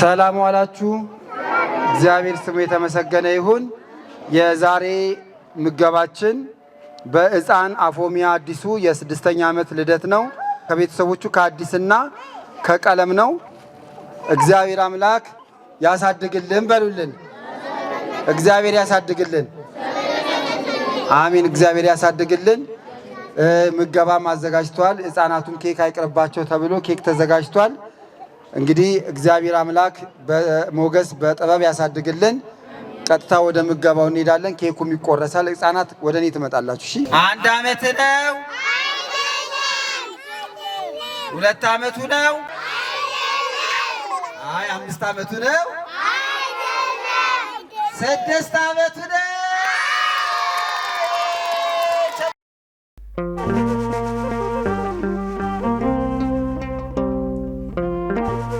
ሰላም ዋላችሁ። እግዚአብሔር ስሙ የተመሰገነ ይሁን። የዛሬ ምገባችን በሕፃን አፎሚያ አዲሱ የስድስተኛ ዓመት ልደት ነው። ከቤተሰቦቹ ከአዲስና ከቀለም ነው። እግዚአብሔር አምላክ ያሳድግልን በሉልን። እግዚአብሔር ያሳድግልን። አሚን። እግዚአብሔር ያሳድግልን። ምገባም አዘጋጅቷል። ሕፃናቱም ኬክ አይቅርባቸው ተብሎ ኬክ ተዘጋጅቷል። እንግዲህ እግዚአብሔር አምላክ በሞገስ በጥበብ ያሳድግልን። ቀጥታ ወደ ምገባው እንሄዳለን። ኬኩም ይቆረሳል። ህጻናት ወደ እኔ ትመጣላችሁ። እሺ። አንድ አመት ነው። ሁለት አመቱ ነው። አይ አምስት አመቱ ነው። ስድስት አመቱ ነው። Música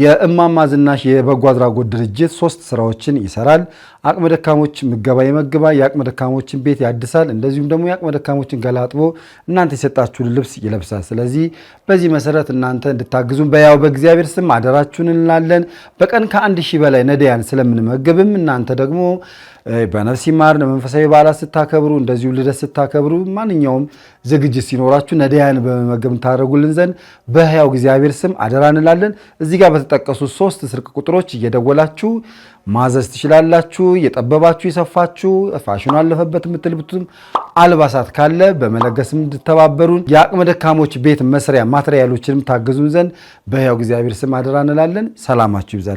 የእማማ ዝናሽ የበጎ አድራጎት ድርጅት ሶስት ስራዎችን ይሰራል። አቅመ ደካሞች ምገባ ይመግባል፣ የአቅመ ደካሞችን ቤት ያድሳል፣ እንደዚሁም ደግሞ የአቅመ ደካሞችን ገላጥቦ እናንተ የሰጣችሁን ልብስ ይለብሳል። ስለዚህ በዚህ መሰረት እናንተ እንድታግዙም በያው በእግዚአብሔር ስም አደራችሁን እንላለን። በቀን ከአንድ ሺህ በላይ ነዳያን ስለምንመገብም እናንተ ደግሞ በነፍስ ይማር መንፈሳዊ በዓላት ስታከብሩ፣ እንደዚሁ ልደት ስታከብሩ፣ ማንኛውም ዝግጅት ሲኖራችሁ ነዳያን በመመገብ ታደረጉልን ዘንድ በህያው እግዚአብሔር ስም አደራ እንላለን እዚህ ጋር በተጠቀሱ ሶስት ስልክ ቁጥሮች እየደወላችሁ ማዘዝ ትችላላችሁ። እየጠበባችሁ የሰፋችሁ ፋሽኑ አለፈበት የምትልብቱም አልባሳት ካለ በመለገስ እንድተባበሩን የአቅመ ደካሞች ቤት መስሪያ ማትሪያሎችንም ታግዙን ዘንድ በሕያው እግዚአብሔር ስም አደራ እንላለን። ሰላማችሁ ይብዛል።